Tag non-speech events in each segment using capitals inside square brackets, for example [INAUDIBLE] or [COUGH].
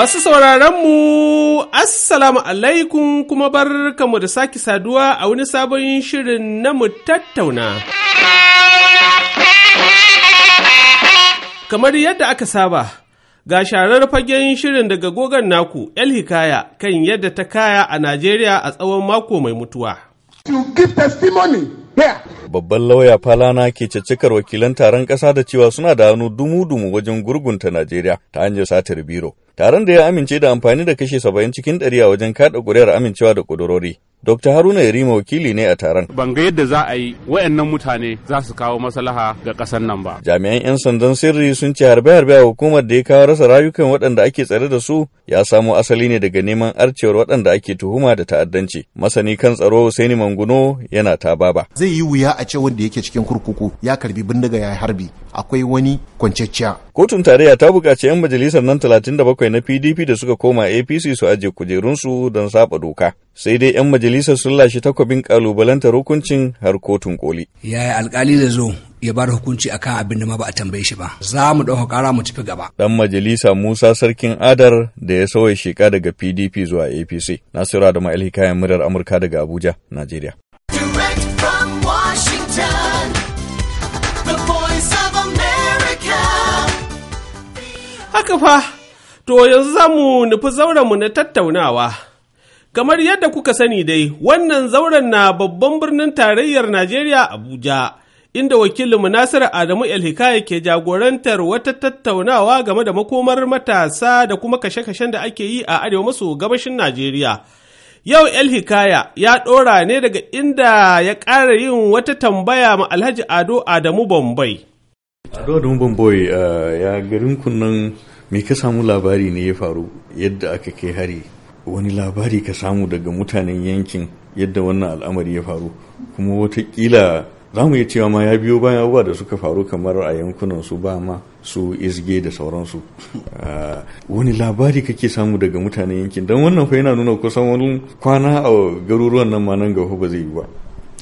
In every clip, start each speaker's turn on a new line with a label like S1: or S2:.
S1: Masu sauraronmu, Assalamu alaikum kuma mu da sake saduwa a wani sabon shirin na mu tattauna. Kamar yadda aka saba, ga sharar fagen shirin daga gogon naku, El Hikaya, kan yadda ta kaya a Najeriya a tsawon mako mai mutuwa.
S2: babban lauya falana ke caccakar wakilan taron ƙasa da cewa suna da hannu dumu-dumu wajen gurgunta Najeriya ta hanyar satar biro. taron da ya amince da amfani da kashe saba'in cikin ɗari a wajen kaɗa ƙuri'ar amincewa da ƙudurori. Dr. Haruna Yarima wakili ne a taron. Ban ga yadda za a yi wayannan mutane za su kawo maslaha ga ƙasar nan ba. Jami'an 'yan sandan sirri sun ce harbe-harbe a hukumar da ya kawo rasa rayukan waɗanda ake tsare da su ya samo asali ne daga neman arcewar waɗanda ake tuhuma da ta'addanci. Masani kan tsaro Husaini Manguno yana ta baba.
S3: Zai yi wuya a ce wanda yake cikin kurkuku ya karbi bindiga ya harbi akwai wani kwanciyar.
S2: Kotun tarayya ta buƙaci 'yan majalisar nan talatin da na PDP da suka koma APC su aje kujerunsu don saba doka. Sai dai 'yan majalisar sun lashe takwabin kalubalantar hukuncin har kotun koli.
S4: Yaya alkali da zo ya da hukunci akan abin da ma ba a tambaye shi ba. Za mu ɗauka ƙara mu tafi gaba.
S2: Ɗan majalisa Musa Sarkin Adar da ya sauya sheka daga PDP zuwa APC. Nasiru Adamu kayan Murar Amurka daga Abuja, Najeriya.
S1: haka fa To yanzu za mu nufi zaurenmu na tattaunawa. Kamar yadda kuka sani dai, wannan zauren na babban birnin tarayyar Najeriya Abuja, inda wakilinmu Nasiru Adamu Elhikaya ke jagorantar wata tattaunawa game da makomar matasa da kuma kashe-kashen da ake yi a arewa maso gabashin Najeriya. Yau Elhikaya ya ɗora ne daga inda ya ƙara yin wata tambaya ma Alhaji Ado Adamu Bombay.
S2: Ado Adamu Bombay eh, ya garin kunnan me ka samu labari ne ya faru yadda aka kai hari wani labari ka samu daga mutanen yankin yadda wannan al'amari ya faru kuma watakila za mu iya cewa ma ya biyo bayan abubuwa da suka faru kamar a yankunan su ba ma su izge da sauransu [LAUGHS] ah, wani labari kake samu daga mutanen yankin don wannan
S3: fa yana nuna kusan wani kwana a garuruwan nan ma nan gaba ba zai yi ba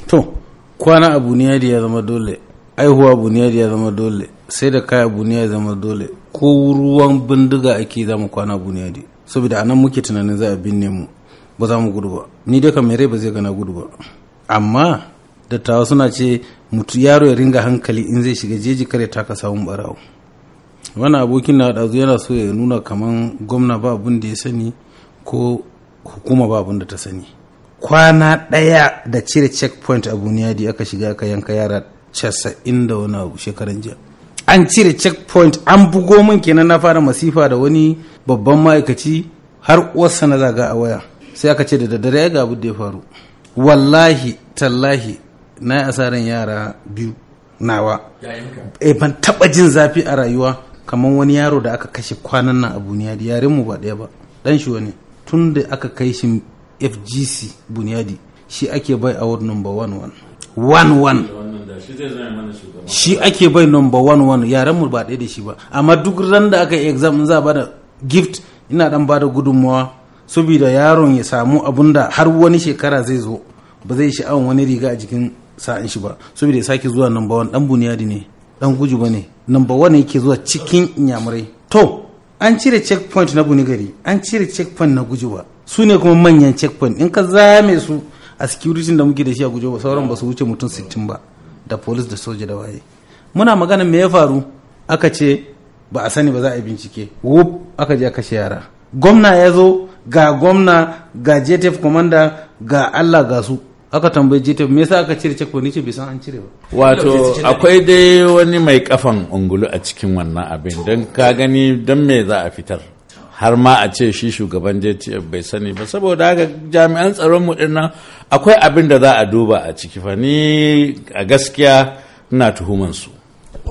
S3: to kwana a ne ya zama dole aihuwa abu ne ya zama dole sai da kaya ne ya zama dole ko ruwan bindiga ake zama kwana kwana buniyadi saboda a nan muke tunanin za a binne mu ba za mu gudu ba ni dai kamar ba zai gana gudu ba amma dattawa suna ce mutu yaro ya ringa hankali in zai shiga jeji kare ta ka samun barawo wani abokin na ɗazu yana so ya nuna kaman gwamna ba abin da ya sani ko hukuma ba abin da ta sani kwana ɗaya da cire checkpoint a buniyadi aka shiga aka yanka yara casa'in da wani shekaran jiya an cire checkpoint an bugo min kenan na fara masifa da wani babban ma'aikaci har uwarsa na zaga a waya sai aka ce da daddare ga abu da ya faru wallahi tallahi na yi asaran yara biyu nawa e ban taba jin zafi a rayuwa kamar wani yaro da aka kashe kwanan nan a buniyadi yaren mu ba daya ba dan shi wani tun da aka kai shi fgc buniyadi shi ake bai a wurin number one one
S2: one one shi ake
S3: bai number one one yaren mu ba ɗaya da shi ba amma duk ran da aka yi exam za ba da gift ina dan ba da gudunmawa saboda yaron ya samu abun da har wani shekara zai zo ba zai sha'awan wani riga a jikin sa'an shi ba saboda ya sake zuwa number one dan buniyadi ne dan guju ba ne number one yake zuwa cikin inyamurai to an cire checkpoint na bunigari an cire checkpoint na guju ba su ne kuma manyan checkpoint in ka zame su a security da muke da shi a guju ba sauran ba su wuce mutum 60 ba da polis da soja da waye muna magana me ya faru aka ce ba a sani ba za a yi bincike wup aka je kashe yara gwamna ya zo ga gwamna ga jtf commander ga allah ga su aka tambayi jtf me yasa aka cire checkpoint ni ce bai san an cire ba wato akwai
S2: dai wani mai kafan ungulu a cikin wannan abin don ka gani don me za a fitar har ma a ce shi shugaban JTF bai sani ba saboda haka jami'an tsaron mu dinnan akwai abin da za a duba a ciki fa ni a gaskiya ina tuhuman su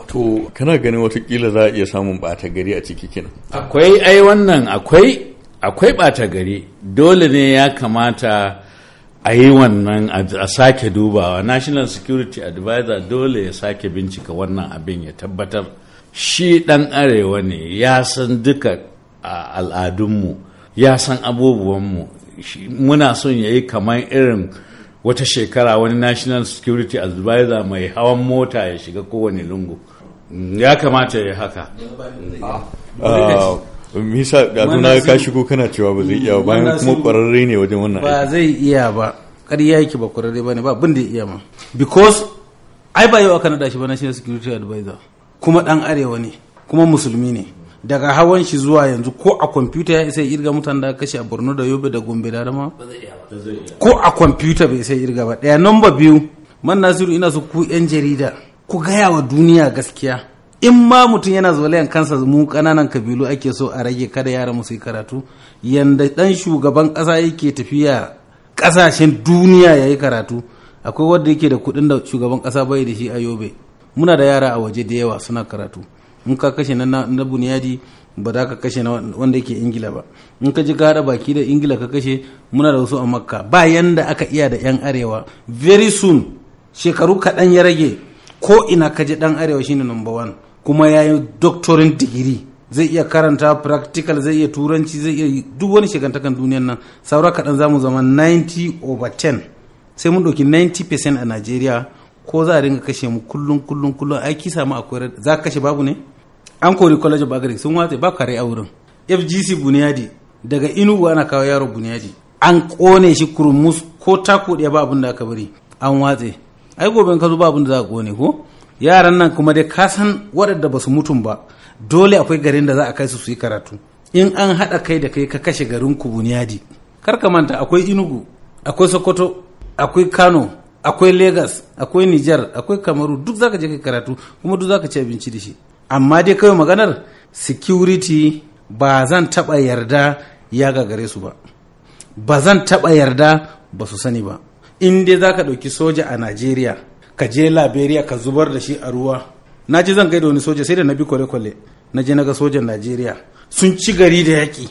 S2: to kana ganin watakila za a iya samun bata gari a ciki kina akwai ai wannan akwai akwai bata gari dole ne ya kamata a yi wannan a sake dubawa national security advisor dole ya sake bincika wannan abin ya tabbatar shi dan arewa ne ya san duka a al'adunmu ya san abubuwanmu muna son ya yi kamar irin wata shekara wani national security advisor mai hawan mota ya shiga kowane lungu ya kamata ya haka misa da tuna ka shigo kana cewa ba zai iya ba bayan kuma kwararre ne wajen wannan ba
S3: zai iya ba ya yake ba kwararre ba ne ba bin da iya ma because ai ba yau aka nada shi ba national security advisor kuma dan arewa ne kuma musulmi ne daga hawan shi zuwa yanzu ko a kwamfuta ya isa irga mutane da kashe a borno da yobe da gombe da rama ko a kwamfuta bai isa irga ba daya namba biyu man nasiru ina so ku yan jarida ku gaya wa duniya gaskiya in ma mutum yana zolayan kansa mu kananan kabilu ake so a rage kada yara mu yi karatu yanda dan shugaban kasa yake tafiya kasashen duniya yayi karatu akwai wanda yake da kuɗin da shugaban kasa bai da shi a yobe muna da yara a waje da yawa suna karatu in ka kashe na na buniyadi ba za ka kashe na wanda yake ingila ba in ka ji gara baki da ingila ka kashe muna da wasu a makka ba yanda aka iya da yan arewa very soon shekaru kaɗan ya rage ko ina ka ji ɗan arewa shine number one kuma ya yi doctorin digiri zai iya karanta practical zai iya turanci zai iya duk wani shigantakan duniyan nan saura kaɗan za mu zama 90 over 10 sai mun ɗauki 90% a najeriya ko za a dinga kashe mu kullum kullum kullum aiki samu akwai za kashe babu ne an kori college of agric sun watsa ba kare a wurin fgc buniyadi daga inugu ana kawo yaro bunyadi an kone shi kurmus ko taku ɗaya ba abin da aka bari an watse ai gobe ka zo ba abin da za ka kone ko yaran nan kuma dai ka san waɗanda ba su mutum ba dole akwai garin da za a kai su su yi karatu in an haɗa kai da kai ka kashe garin ku buniyadi kar ka manta akwai inugu akwai sokoto akwai kano akwai lagos akwai niger akwai kamaru duk zaka je kai karatu kuma duk zaka ci abinci da shi amma dai kawai maganar security ba zan taɓa yarda ya gagare su ba ba zan taɓa yarda ba su sani ba in dai za ka ɗauki soja a najeriya ka je liberia ka zubar da shi a ruwa na ji zan gaida wani soja sai da na bi kwale-kwale na je na ga sojan najeriya sun ci gari da yaƙi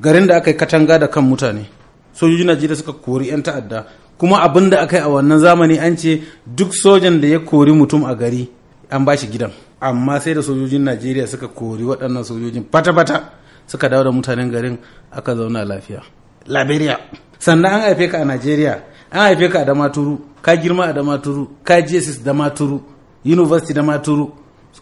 S3: garin da aka yi katanga da kan mutane sojojin najeriya suka kori 'yan ta'adda kuma abin da aka yi a wannan zamani an ce duk sojan da ya kori mutum a gari an ba shi gidan amma sai da sojojin najeriya suka kori waɗannan sojojin fata-fata suka dawo da mutanen garin aka zauna lafiya liberia sannan an haife ka a najeriya an haife ka a damaturu ka girma a damaturu ka jesus damaturu university damaturu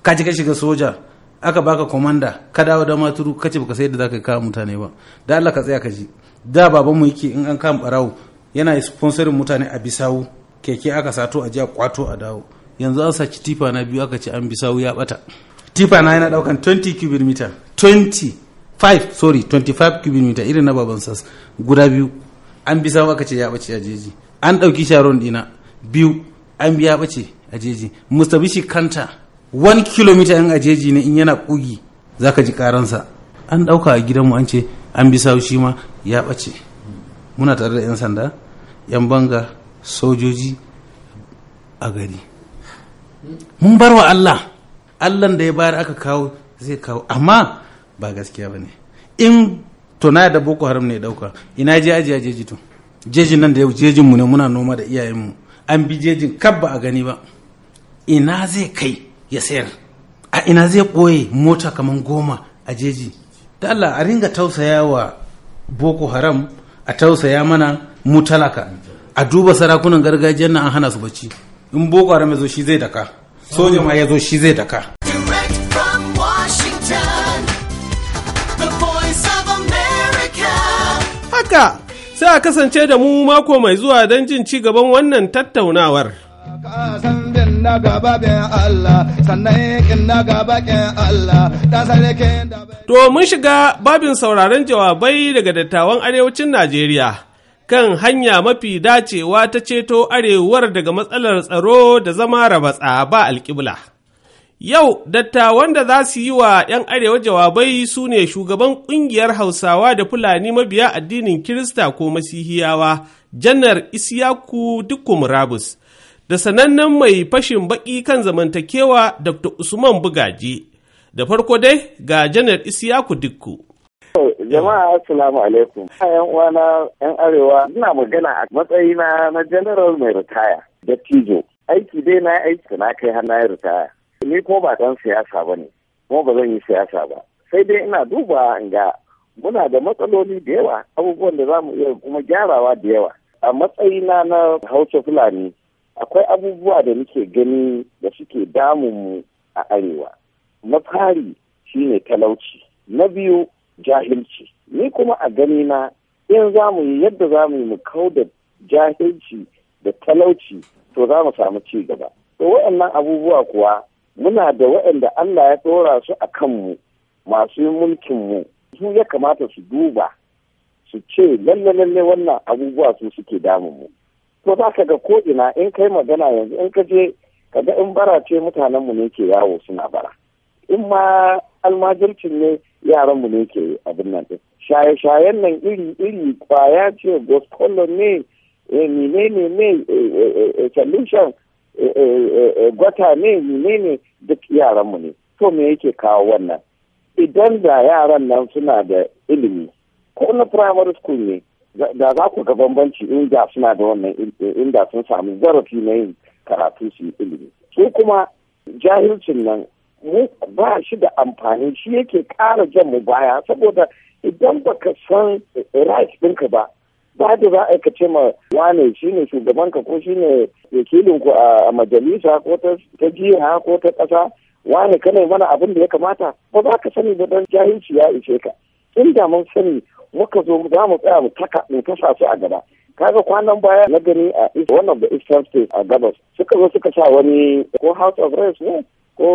S3: ka ji ka shiga soja aka baka komanda ka dawo damaturu ka ce baka sai da zaka kawo mutane ba da allah ka tsaya ka ji da babanmu yake in an kama barawo yana sponsorin mutane a bisawu keke aka sato a ji a kwato a dawo yanzu an saci tifa na biyu aka ce an bi sau ya bata tifa na yana daukan 20 cubic meter 25 sorry 25 cubic meter irin na baban sas guda biyu an bi sau aka ce ya bace a jeji an dauki sharon dina biyu an bi ya bace a jeji mustabishi kanta 1 km in a jeji ne in yana kugi zaka ji karansa an dauka a gidanmu an ce an bi sau shi ma ya bace muna tare da 'yan sanda 'yan banga sojoji a gari mun bar wa Allah Allah da ya bayar aka kawo zai kawo amma ba gaskiya ba ne in tona da boko haram ne dauka ina je aji a jeji tun jejin nan da yau jejin mu ne muna noma da iyayen mu an bi jejin kab ba a gani ba ina zai kai ya sayar a ina zai koye mota kamar goma a jeji ta Allah a ringa tausaya wa boko haram a tausaya mana mu talaka a duba sarakunan gargajiyar nan an hana su bacci in boko haram ya zo shi zai daka soja ma ya zo shi zai daka
S1: haka sai a kasance da mu mako mai zuwa don jin ci gaban wannan tattaunawar To mun shiga babin sauraron jawabai daga dattawan arewacin Najeriya. kan hanya mafi dacewa ta ceto arewar daga matsalar tsaro da zama rabatsa ba alƙibla. Yau, dattawan da za su yi wa ‘yan arewa jawabai su ne shugaban ƙungiyar Hausawa da Fulani mabiya addinin Kirista ko Masihiyawa, Janar Isiyaku Dukku Murabus, da sanannen mai fashin baƙi kan zamantakewa Dr. Usman Bugaji. Da farko dai ga Janar Isiyaku Dukku.
S4: Jama'a assalamu alaikum. Yan uwana yan arewa ina magana a matsayina na general mai ritaya dattijo. Aiki dai na aiki na kai har na ya ritaya. Ni ko ba dan siyasa ba ne, kuma ba zan yi siyasa ba. Sai dai ina duba ga muna da matsaloli da yawa abubuwan da za mu iya kuma gyarawa da yawa. A matsayina na Hausa Fulani akwai abubuwa da nake gani da suke damun mu a arewa. Na fari shine talauci. Na biyu jahilci ni kuma a gani na in za mu yi yadda za mu yi mu kau da jahilci da talauci to za mu samu ci gaba to waɗannan abubuwa kuwa muna da waɗanda Allah ya tsora su a kanmu masu yin mu. su ya kamata su duba su ce lalle lalle wannan abubuwa su suke damunmu to za ka ga ina in kai magana yanzu in ka je ka ga in bara ce mutanenmu ne ke yawo suna bara in ma almajirkin ne yaran mu ne ke abin nan din shaye-shayen nan iri-iri kwaya ce gospolo eh, ne ne eh, eh, ne ne solution gwata ne ne ne duk yaran mu ne to me yake kawo wannan idan da yaran nan suna da ilimi ko na primary school ne da za ku ga bambanci inda suna da wannan inda sun samu zarafi na yin karatu su ilimi su kuma jahilcin nan mu ba shi da amfani shi yake ƙara jan mu baya saboda idan baka san right ɗinka ba ba da za a ce ma wane shi ne shugaban ka. ko shi ne ku a majalisa ko ta jiha ko ta ƙasa wane kana mana abin da ya kamata ba za ka sani ba don jahilci ya ishe ka in da mun sani muka zo za mu tsaya mu taka mu tasa su a gaba kaga kwanan baya na gani a one of the eastern states a gabas suka zo suka sa wani ko house of reps ne ko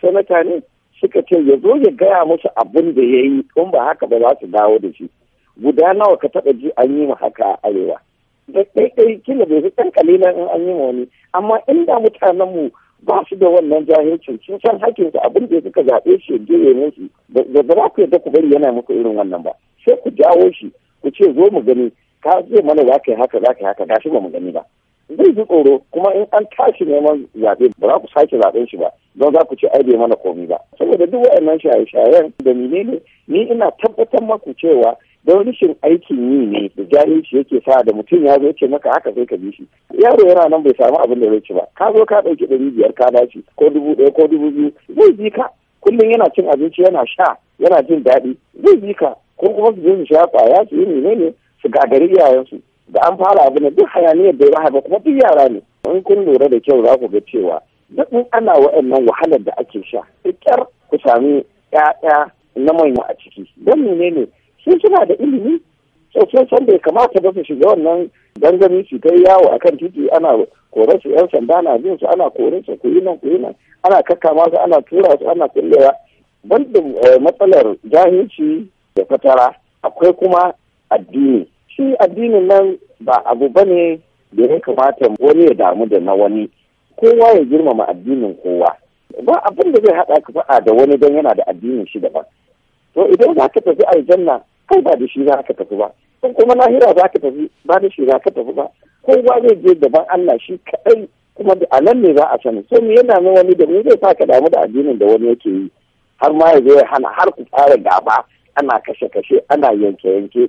S4: sanata ne suka ce ya zo ya gaya musu abin da ya yi in ba haka ba za su dawo da shi guda nawa ka taɓa ji an yi ma haka a arewa da ɗaiɗai kila bai fi ɗan kalilan in an yi ma wani amma inda mutanen mu ba su da wannan jahilcin sun san hakkin su abin da suka zaɓe shi je ya musu da ba za ku yadda ku bari yana muku irin wannan ba sai ku jawo shi ku ce zo mu gani ka zai mana za ka yi haka za ka yi haka shi ba mu gani ba zai ji tsoro kuma in an tashi neman zaɓe ba za ku sake zaɓen shi ba don za ku ci ai mana komi ba saboda duk wa'annan shaye-shayen da menene ni ina tabbatar maku cewa don rashin aikin yi ne da jahilci yake sa da mutum ya zo ce maka haka sai ka bi shi yaro yana nan bai samu abin da zai ci ba ka zo ka ɗauki ɗari biyar ka dace ko dubu ɗaya ko dubu biyu zai bi ka kullum yana cin abinci yana sha yana jin daɗi zai bi ka ko kuma su je su sha kwaya su yi menene su gagari iyayensu da an fara abu ne duk hayaniyar da ya haka kuma duk yara ne in kun lura da kyau za ku ga cewa duk in ana wa'annan wahalar da ake sha ƙyar ku sami ƴaƴa na manya a ciki don ne sun suna da ilimi sosai san bai kamata ba su shiga wannan gangami su kai yawo a kan titi ana kore su yan sanda na bin su ana kore su ku yi nan ku yi nan ana kakkama su ana tura su ana kullewa banda eh, matsalar jahilci da fatara akwai kuma addini shi addinin nan ba abu ba ne da ya kamata wani ya damu da na wani kowa ya girmama addinin kowa ba abin da zai haɗa ka fa'a da wani don yana da addinin shi daban to idan za ka tafi aljanna kai ba da shi za ka tafi ba Ko kuma lahira za ka tafi ba da shi za ka tafi ba kowa zai je daban Allah shi kaɗai kuma a nan ne za a sani so mu yana na wani da mu zai sa ka damu da addinin da wani yake yi har ma ya zo ya hana har ku fara gaba ana kashe-kashe ana yanke-yanke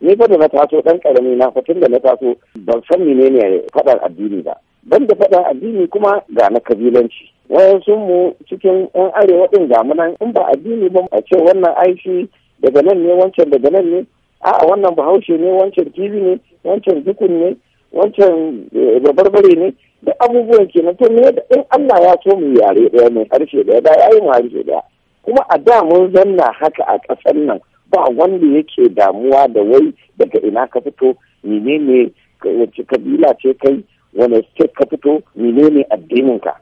S4: ni fa da na taso dan karami na fa tun da na taso ban san menene faɗar addini ba ban da fadar addini kuma ga na kabilanci wayansu mu cikin yan arewa din ga munan in ba addini ba a ce wannan aishi daga nan ne wancan daga nan ne a'a wannan bahaushe ne wancan kibi ne wancan dukun ne wancan eh, babarbare ne da abubuwan kenan to ne da in Allah ya so mu yare ɗaya mai harshe daya da yi mu harshe daya kuma a da mun zanna haka a ƙasar nan ba wanda yake damuwa da wai daga ina ka fito menene wacce kabila ce kai wane ce ka fito menene addininka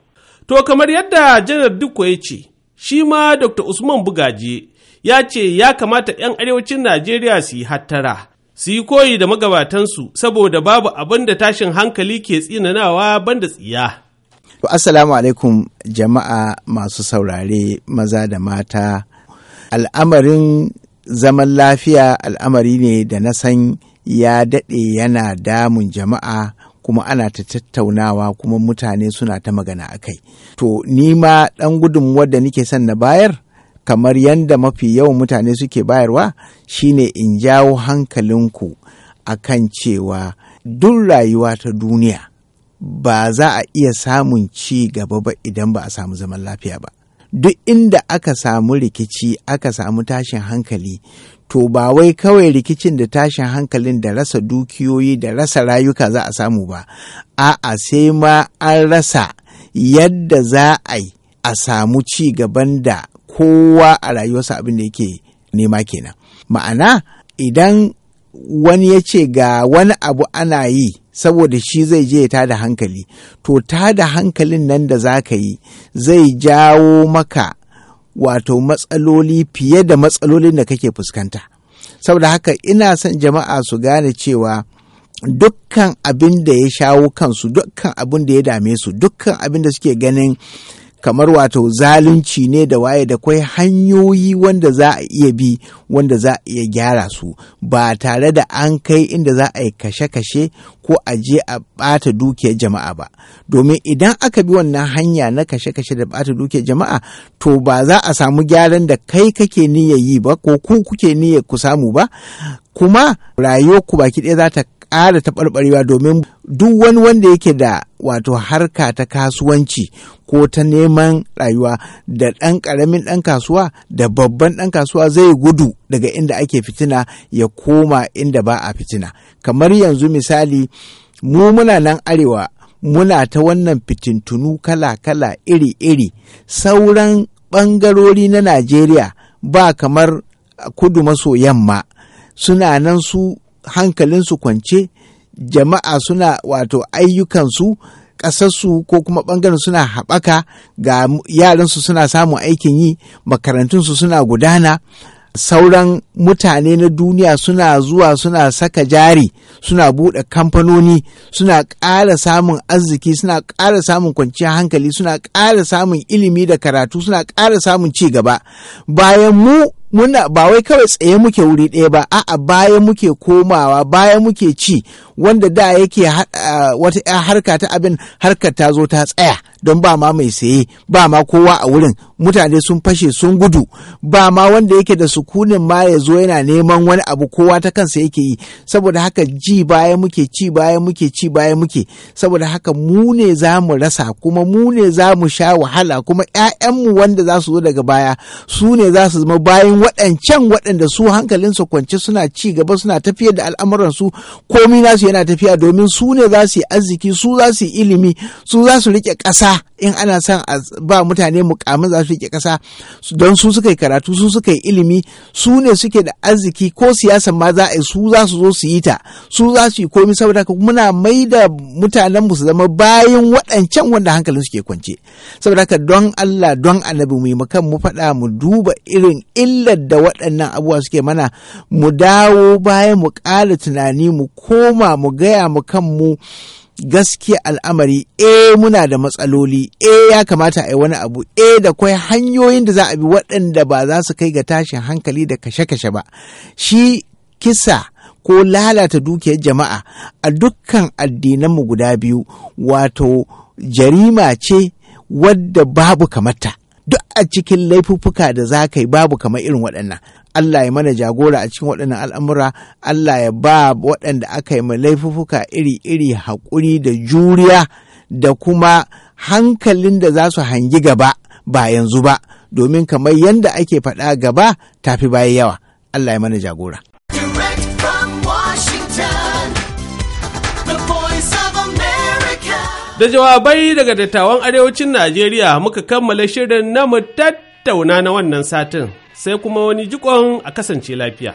S1: to kamar yadda janar dukko ya ce shi ma dr usman bugaje ya ce ya kamata 'yan arewacin najeriya su yi hattara su yi koyi da magabatansu saboda babu abin da tashin hankali ke tsinanawa banda tsiya
S5: To assalamu alaikum jama'a masu saurare maza da mata. Al'amarin zaman lafiya al'amari ne da na san ya daɗe yana damun jama'a kuma ana ta tattaunawa kuma mutane suna ta magana a kai. To, ni ma ɗan gudunmuwar da nike son na bayar, kamar yadda mafi yawan mutane suke bayarwa, shine in jawo hankalinku a kan cewa duk rayuwa ta duniya ba za a iya samun ci gaba ba idan ba a samu zaman lafiya ba. duk inda aka samu rikici aka samu tashin hankali to ba wai kawai rikicin da tashin hankalin da rasa dukiyoyi da rasa rayuka za a samu ba a'a sai ma an rasa yadda za a yi a samu ci gaban da kowa a rayuwarsa abin da yake nema kenan ma'ana idan wani ya ce ga wani abu ana yi saboda shi zai je ya tada hankali to tada hankalin nan da za ka yi zai jawo maka wato matsaloli fiye da matsalolin da kake fuskanta saboda haka ina son jama'a su gane cewa dukkan abin da ya shawo kansu dukkan abin da ya dame su dukkan abin da suke ganin kamar wato zalunci ne da waye da kwai hanyoyi wanda za a iya bi wanda za a iya gyara su ba tare da an kai inda za a yi kashe-kashe ko a je a ɓata dukiyar jama'a ba domin idan aka bi wannan hanya na kashe-kashe da bata dukiyar jama'a to ba za a samu gyaran da kai kake niyyar yi ba ko ku kuke niyyar ku samu ba kuma rayuwar ku baki ɗaya za ta ƙara taɓarɓarewa domin duk wani wanda yake da wato harka ta kasuwanci ko ta neman rayuwa da ɗan ƙaramin ɗan kasuwa da babban ɗan kasuwa zai gudu daga inda ake fitina ya koma inda ba a fitina kamar yanzu misali mu muna nan arewa muna ta wannan fitintunu kala-kala iri-iri sauran ɓangarori na najeriya ba kamar kudu maso yamma suna nan su hankalinsu kwance jama'a suna wato ayyukansu ƙasarsu ko kuma ɓangaren suna haɓaka ga yaransu suna samun aikin yi makarantunsu suna gudana sauran mutane na duniya suna zuwa suna saka jari suna buɗe kamfanoni suna ƙara samun arziki suna ƙara samun kwanciyar hankali suna ƙara samun ilimi da karatu suna ƙara samun ci gaba bayan mu muna ba wai kawai tsaye muke wuri ɗaya ba a'a baya muke komawa baya muke ci wanda da yake wata harka ta abin harkar ta zo ta tsaya don ba ma mai saye ba ma kowa a wurin mutane sun fashe sun gudu ba ma wanda yake da sukunin ma ya zo yana neman wani abu kowa ta kansa yake yi saboda haka ji baya muke ci baya muke ci baya muke saboda haka mu ne za mu rasa kuma mu ne za mu sha wahala kuma 'ya'yanmu wanda za su zo daga baya su ne za su zama bayan waɗancan waɗanda su hankalinsu kwance suna ci gaba suna tafiyar da al'amuran su komi nasu yana tafiya domin su ne za su yi arziki su za su yi ilimi su za su riƙe ƙasa in ana son a ba mutane mukamin za su ke kasa don su suka yi karatu su suka yi ilimi su ne suke da arziki ko siyasa ma za a su za su zo su yi ta su za su yi komi saboda haka muna mai da mutanen mu su zama bayan waɗancan wanda hankalin suke kwance saboda haka don Allah don annabi mu yi makan mu faɗa mu duba irin illar da waɗannan abubuwa suke mana mu dawo bayan mu ƙara tunani mu koma mu gaya mu kan mu gaskiya al'amari e muna da matsaloli e ya kamata a yi wani abu e da kwai hanyoyin da za a bi waɗanda ba za su kai ga tashin hankali da kashe-kashe ba shi kisa ko lalata dukiyar jama'a a dukkan addinanmu guda biyu wato jarima ce wadda babu kamata duk a cikin laifuffuka da za ka yi babu kamar irin waɗannan Allah ya mana jagora a cikin waɗannan al'amura Allah ya ba waɗanda aka yi laifuka iri-iri haƙuri da juriya da kuma hankalin da za su hangi gaba ba yanzu ba domin kamar yadda ake faɗa gaba tafi baya yawa Allah ya mana jagora.
S1: Da jawabai daga dattawan arewacin Najeriya muka kammala shirin na mu tattauna na wannan satin. sai kuma wani jikon a kasance lafiya.